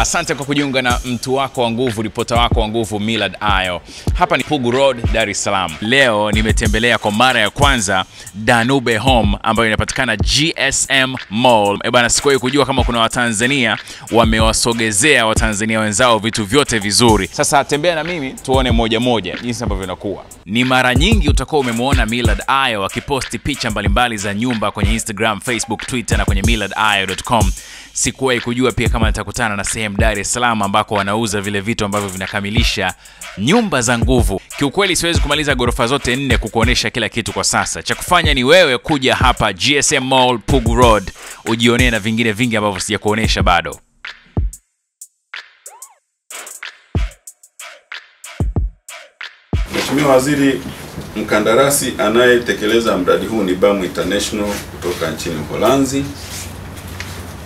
Asante kwa kujiunga na mtu wako wa nguvu, ripota wako wa nguvu milad Ayo. Hapa ni Pugu Road, Dar es Salaam. Leo nimetembelea kwa mara ya kwanza Danube Home ambayo inapatikana GSM Mall. E bana, sikuwahi kujua kama kuna Watanzania wamewasogezea Watanzania wenzao vitu vyote vizuri. Sasa tembea na mimi tuone moja moja jinsi ambavyo inakuwa. Ni mara nyingi utakuwa umemwona milad Ayo akiposti picha mbalimbali za nyumba kwenye Instagram, Facebook, Twitter na kwenye com Sikuwahi kujua pia kama nitakutana na sehemu CCM Dar es Salaam ambako wanauza vile vitu ambavyo vinakamilisha nyumba za nguvu. Kiukweli siwezi kumaliza ghorofa zote nne kukuonesha kila kitu kwa sasa. Cha kufanya ni wewe kuja hapa GSM Mall Pugu Road ujionee na vingine vingi ambavyo sijakuonesha bado. Mheshimiwa Waziri, mkandarasi anayetekeleza mradi huu ni BAM International kutoka nchini Uholanzi.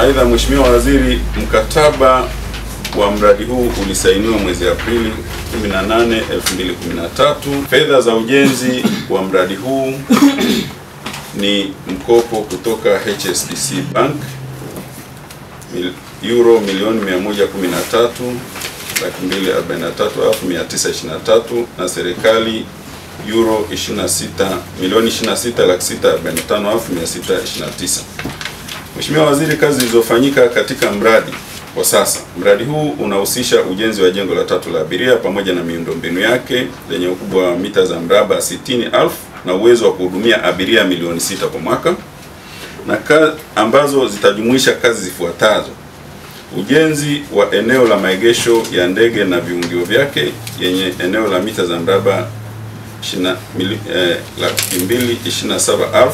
Aidha, Mheshimiwa Waziri, mkataba wa mradi huu ulisainiwa mwezi Aprili 18, 2013. Fedha za ujenzi wa mradi huu ni mkopo kutoka HSBC Bank euro milioni 113 laki mbili na serikali euro 26 milioni 26 laki sita Mheshimiwa Waziri, kazi zilizofanyika katika mradi kwa sasa, mradi huu unahusisha ujenzi wa jengo la tatu la abiria pamoja na miundombinu yake lenye ukubwa wa mita za mraba 60,000 na uwezo wa kuhudumia abiria milioni sita kwa mwaka na kazi ambazo zitajumuisha kazi zifuatazo: ujenzi wa eneo la maegesho ya ndege na viungio vyake yenye eneo la mita za mraba 227,000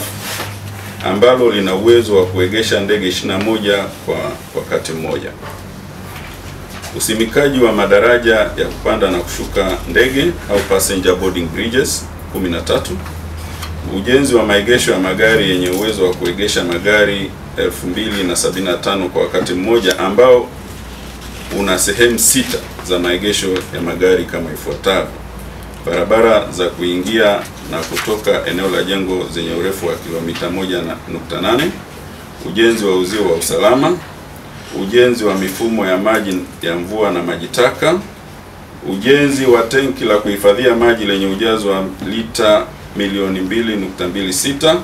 ambalo lina uwezo wa kuegesha ndege 21 kwa wakati mmoja. Usimikaji wa madaraja ya kupanda na kushuka ndege au passenger boarding bridges 13. Ujenzi wa maegesho ya magari yenye uwezo wa kuegesha magari 2075 kwa wakati mmoja ambao una sehemu sita za maegesho ya magari kama ifuatavyo. Barabara za kuingia na kutoka eneo la jengo zenye urefu wa kilomita 1.8, ujenzi wa uzio wa usalama, ujenzi wa mifumo ya maji ya mvua na maji taka, ujenzi wa tenki la kuhifadhia maji lenye ujazo wa lita milioni 2.26,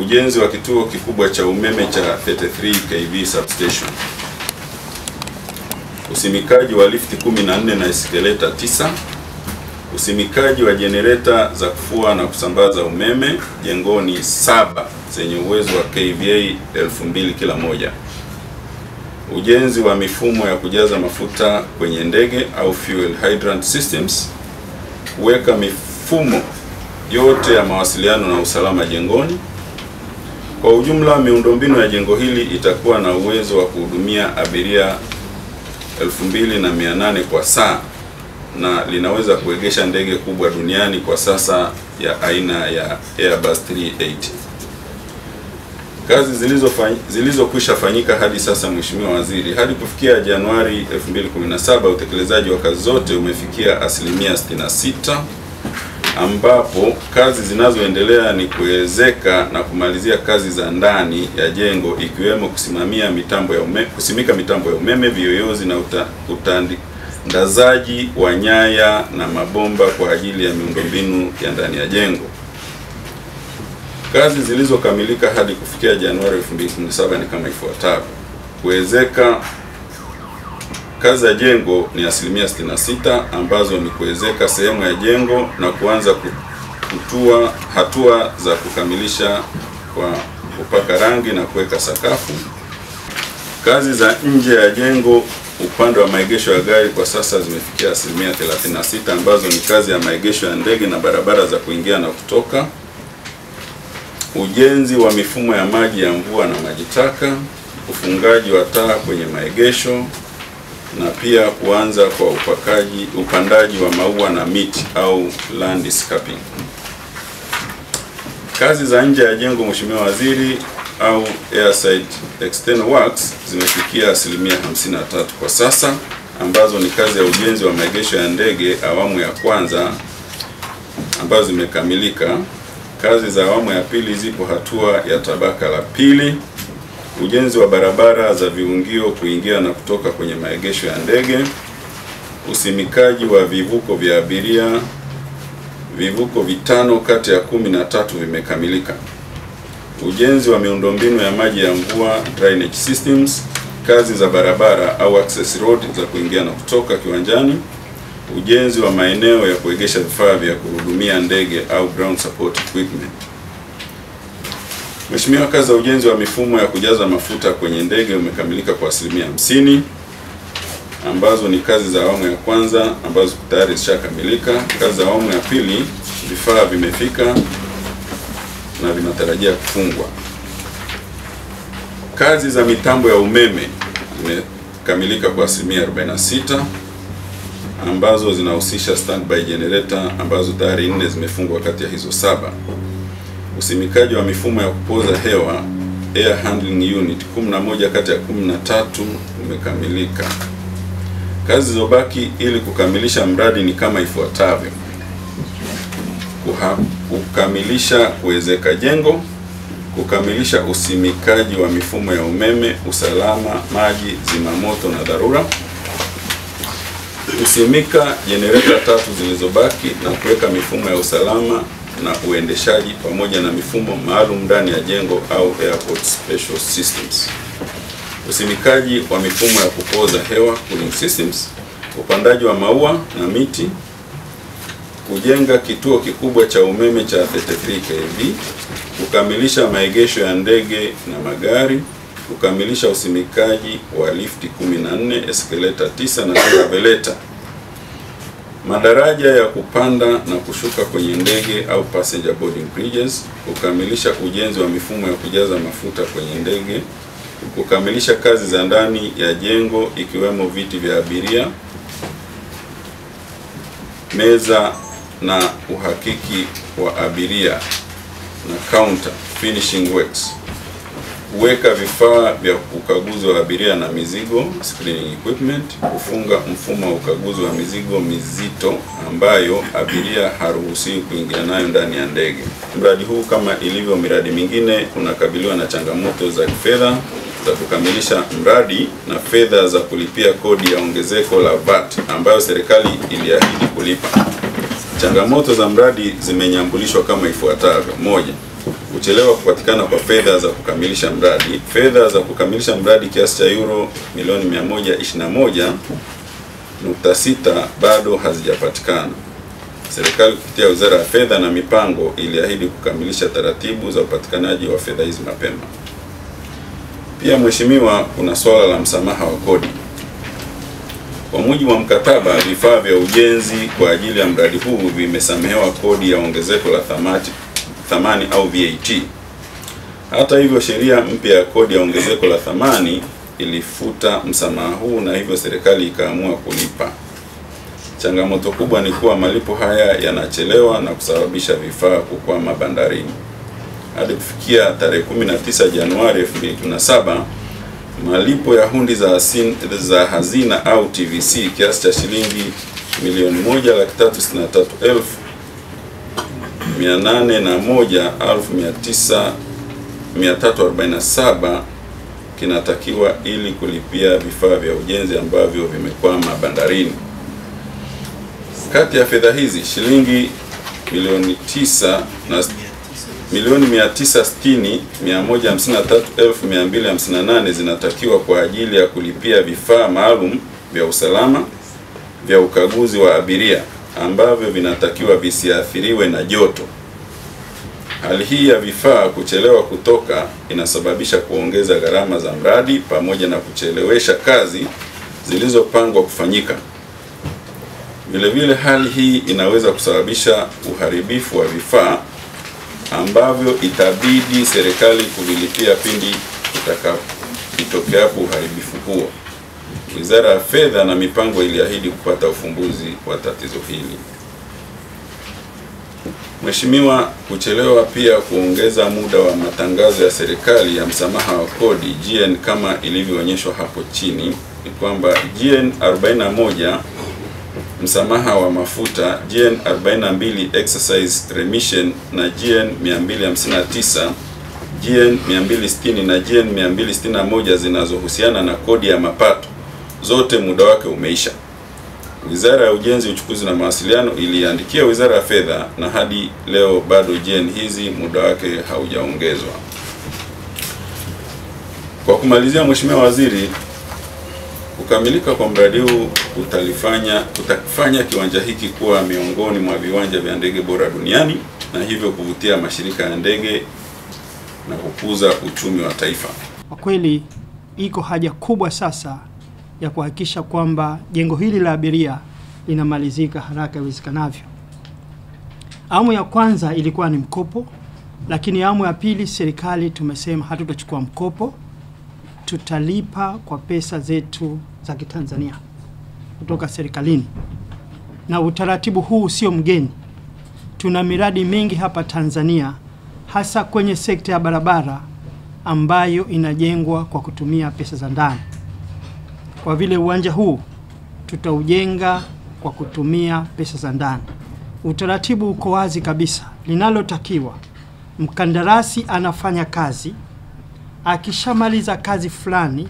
ujenzi wa kituo kikubwa cha umeme cha 33 kV substation, usimikaji wa lifti 14 na eskeleta 9 usimikaji wa jenereta za kufua na kusambaza umeme jengoni saba zenye uwezo wa kVA 2000 kila moja, ujenzi wa mifumo ya kujaza mafuta kwenye ndege au fuel hydrant systems, kuweka mifumo yote ya mawasiliano na usalama jengoni. Kwa ujumla, miundombinu ya jengo hili itakuwa na uwezo wa kuhudumia abiria 2800 kwa saa na linaweza kuegesha ndege kubwa duniani kwa sasa ya aina ya Airbus 380. Kazi zilizokwisha fanyika hadi sasa, Mheshimiwa Waziri, hadi kufikia Januari 2017 utekelezaji wa kazi zote umefikia asilimia 66, ambapo kazi zinazoendelea ni kuwezeka na kumalizia kazi za ndani ya jengo ikiwemo kusimamia mitambo ya umeme, kusimika mitambo ya umeme, viyoyozi na uta, utandi, ndazaji wa nyaya na mabomba kwa ajili ya miundombinu ya ndani ya jengo. Kazi zilizokamilika hadi kufikia Januari 2017 ni kama ifuatavyo: kuwezeka kazi ya jengo ni asilimia 66, ambazo ni kuwezeka sehemu ya jengo na kuanza kutua hatua za kukamilisha kwa kupaka rangi na kuweka sakafu. Kazi za nje ya jengo upande wa maegesho ya gari kwa sasa zimefikia asilimia 36 ambazo ni kazi ya maegesho ya ndege na barabara za kuingia na kutoka, ujenzi wa mifumo ya maji ya mvua na maji taka, ufungaji wa taa kwenye maegesho na pia kuanza kwa upakaji, upandaji wa maua na miti au landscaping. Kazi za nje ya jengo, Mheshimiwa Waziri, au airside external works zimefikia asilimia 53 kwa sasa, ambazo ni kazi ya ujenzi wa maegesho ya ndege awamu ya kwanza ambazo zimekamilika. Kazi za awamu ya pili zipo hatua ya tabaka la pili. Ujenzi wa barabara za viungio kuingia na kutoka kwenye maegesho ya ndege, usimikaji wa vivuko vya abiria, vivuko vitano kati ya kumi na tatu vimekamilika ujenzi wa miundombinu ya maji ya mvua drainage systems, kazi za barabara au access road za kuingia na kutoka kiwanjani, ujenzi wa maeneo ya kuegesha vifaa vya kuhudumia ndege au ground support equipment. Mheshimiwa, kazi za ujenzi wa mifumo ya kujaza mafuta kwenye ndege umekamilika kwa asilimia hamsini ambazo ni kazi za awamu ya kwanza ambazo tayari zishakamilika. Kazi za awamu ya pili vifaa vimefika na vinatarajia kufungwa. Kazi za mitambo ya umeme zimekamilika kwa asilimia 46 ambazo zinahusisha standby generator ambazo tayari nne zimefungwa kati ya hizo saba. Usimikaji wa mifumo ya kupoza hewa air handling unit 11 kati ya 13 umekamilika. Kazi zilizobaki ili kukamilisha mradi ni kama ifuatavyo: kuhapa kukamilisha kuwezeka jengo, kukamilisha usimikaji wa mifumo ya umeme, usalama, maji, zimamoto na dharura, kusimika jenereta tatu zilizobaki na kuweka mifumo ya usalama na uendeshaji pamoja na mifumo maalum ndani ya jengo au airport special systems, usimikaji wa mifumo ya kupoza hewa cooling systems, upandaji wa maua na miti kujenga kituo kikubwa cha umeme cha 33 kV, kukamilisha maegesho ya ndege na magari, kukamilisha usimikaji wa lifti 14, eskeleta 9 na elevator, madaraja ya kupanda na kushuka kwenye ndege au passenger boarding bridges, kukamilisha ujenzi wa mifumo ya kujaza mafuta kwenye ndege, kukamilisha kazi za ndani ya jengo ikiwemo viti vya abiria, meza na uhakiki wa abiria na counter finishing works, kuweka vifaa vya ukaguzi wa abiria na mizigo screening equipment, kufunga mfumo wa ukaguzi wa mizigo mizito ambayo abiria haruhusiwi kuingia nayo ndani ya ndege. Mradi huu kama ilivyo miradi mingine unakabiliwa na changamoto za kifedha za kukamilisha mradi na fedha za kulipia kodi ya ongezeko la VAT ambayo serikali iliahidi kulipa. Changamoto za mradi zimenyambulishwa kama ifuatavyo: moja, kuchelewa kupatikana kwa fedha za kukamilisha mradi. Fedha za kukamilisha mradi kiasi cha euro milioni 121.6 bado hazijapatikana. Serikali kupitia Wizara ya Fedha na Mipango iliahidi kukamilisha taratibu za upatikanaji wa fedha hizi mapema. Pia mheshimiwa, kuna swala la msamaha wa kodi. Kwa mujibu wa mkataba, vifaa vya ujenzi kwa ajili ya mradi huu vimesamehewa kodi ya ongezeko la thamati, thamani au VAT. Hata hivyo, sheria mpya ya kodi ya ongezeko la thamani ilifuta msamaha huu na hivyo serikali ikaamua kulipa. Changamoto kubwa ni kuwa malipo haya yanachelewa na kusababisha vifaa kukwama bandarini. Hadi kufikia tarehe 19 Januari 2027 malipo ya hundi za, hasin, za hazina au TVC kiasi cha shilingi milioni moja laki tatu sitini na tatu elfu mia nane na moja elfu mia tisa mia tatu arobaini na saba kinatakiwa ili kulipia vifaa vya ujenzi ambavyo vimekwama bandarini. Kati ya fedha hizi shilingi milioni tisa na milioni 960,153,258 zinatakiwa kwa ajili ya kulipia vifaa maalum vya usalama vya ukaguzi wa abiria ambavyo vinatakiwa visiathiriwe na joto. Hali hii ya vifaa kuchelewa kutoka inasababisha kuongeza gharama za mradi pamoja na kuchelewesha kazi zilizopangwa kufanyika. Vilevile, hali hii inaweza kusababisha uharibifu wa vifaa ambavyo itabidi serikali kuvilipia pindi itakapotokea uharibifu huo. Wizara ya Fedha na Mipango iliahidi kupata ufumbuzi wa tatizo hili. Mheshimiwa, kuchelewa pia kuongeza muda wa matangazo ya serikali ya msamaha wa kodi GN kama ilivyoonyeshwa hapo chini ni kwamba GN 41 msamaha wa mafuta GN 42 exercise remission na GN 259 GN 260 na GN 261 zinazohusiana na kodi ya mapato zote muda wake umeisha. Wizara ya Ujenzi, Uchukuzi na Mawasiliano iliandikia Wizara ya Fedha na hadi leo bado GN hizi muda wake haujaongezwa. Kwa kumalizia, Mheshimiwa Waziri, Kukamilika kwa mradi huu utalifanya utafanya kiwanja hiki kuwa miongoni mwa viwanja vya ndege bora duniani na hivyo kuvutia mashirika ya ndege na kukuza uchumi wa taifa. Kwa kweli iko haja kubwa sasa ya kuhakikisha kwamba jengo hili la abiria linamalizika haraka iwezekanavyo. Awamu ya kwanza ilikuwa ni mkopo, lakini awamu ya pili serikali tumesema hatutachukua mkopo, tutalipa kwa pesa zetu za Kitanzania kutoka serikalini, na utaratibu huu sio mgeni. Tuna miradi mingi hapa Tanzania, hasa kwenye sekta ya barabara ambayo inajengwa kwa kutumia pesa za ndani. Kwa vile uwanja huu tutaujenga kwa kutumia pesa za ndani, utaratibu uko wazi kabisa. Linalotakiwa, mkandarasi anafanya kazi, akishamaliza kazi fulani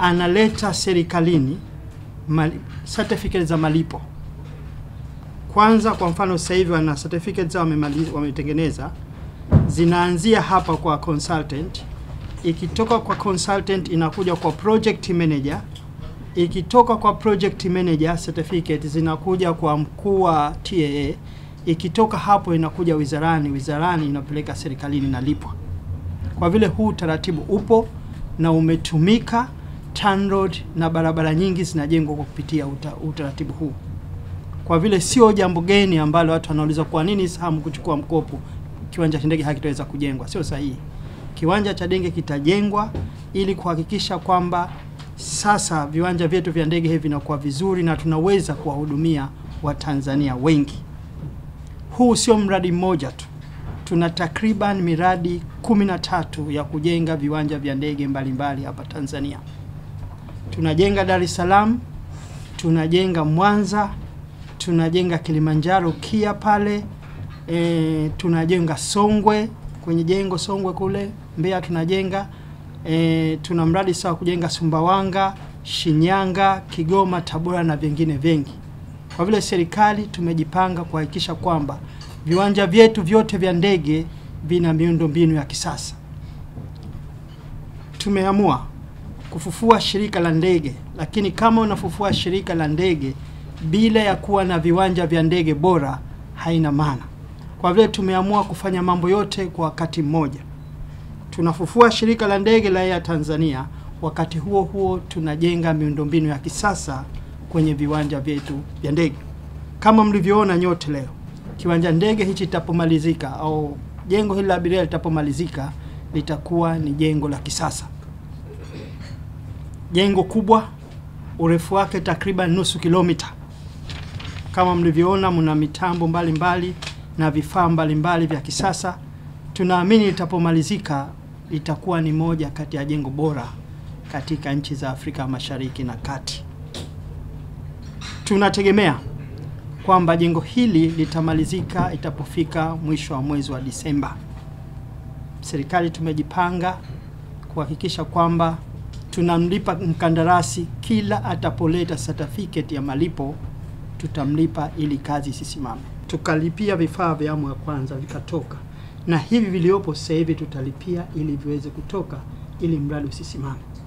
analeta serikalini mali, certificate za malipo kwanza. Kwa mfano sasa hivi wana certificate zao wametengeneza, zinaanzia hapa kwa consultant, ikitoka kwa consultant inakuja kwa project manager, ikitoka kwa project manager certificate zinakuja kwa mkuu wa TAA, ikitoka hapo inakuja wizarani, wizarani inapeleka serikalini na lipwa. Kwa vile huu utaratibu upo na umetumika TAN Road na barabara nyingi zinajengwa kwa kupitia uta, utaratibu huu, kwa vile sio jambo geni ambalo watu wanauliza kwa nini sahamu kuchukua mkopo, kiwanja cha ndege hakitaweza kujengwa. Sio sahihi. Kiwanja cha ndege kitajengwa ili kuhakikisha kwamba sasa viwanja vyetu vya ndege hivi vinakuwa vizuri na tunaweza kuwahudumia Watanzania wengi. Huu sio mradi mmoja tu, tuna takriban miradi kumi na tatu ya kujenga viwanja vya ndege mbalimbali hapa Tanzania tunajenga Dar es Salaam, tunajenga Mwanza, tunajenga Kilimanjaro KIA pale e, tunajenga Songwe kwenye jengo Songwe kule Mbeya tunajenga e, tuna mradi sawa kujenga Sumbawanga, Shinyanga, Kigoma, Tabora na vingine vingi. Kwa vile serikali tumejipanga kuhakikisha kwamba viwanja vyetu vyote vya ndege vina miundo mbinu ya kisasa. Tumeamua kufufua shirika la ndege, lakini kama unafufua shirika la ndege bila ya kuwa na viwanja vya ndege bora haina maana. Kwa vile tumeamua kufanya mambo yote kwa wakati mmoja, tunafufua shirika la ndege la Air Tanzania, wakati huo huo tunajenga miundombinu ya kisasa kwenye viwanja vyetu vya ndege. Kama mlivyoona nyote leo, kiwanja ndege hichi itapomalizika au jengo hili la abiria litapomalizika litakuwa ni jengo la kisasa jengo kubwa, urefu wake takriban nusu kilomita. Kama mlivyoona, mna mitambo mbalimbali mbali, na vifaa mbalimbali vya kisasa. Tunaamini litapomalizika litakuwa ni moja kati ya jengo bora katika nchi za Afrika Mashariki na Kati. Tunategemea kwamba jengo hili litamalizika itapofika mwisho wa mwezi wa Disemba. Serikali tumejipanga kuhakikisha kwamba tunamlipa mkandarasi kila atapoleta certificate ya malipo, tutamlipa ili kazi isisimame. Tukalipia vifaa vya awamu ya kwanza vikatoka, na hivi viliopo sasa hivi tutalipia ili viweze kutoka, ili mradi usisimame.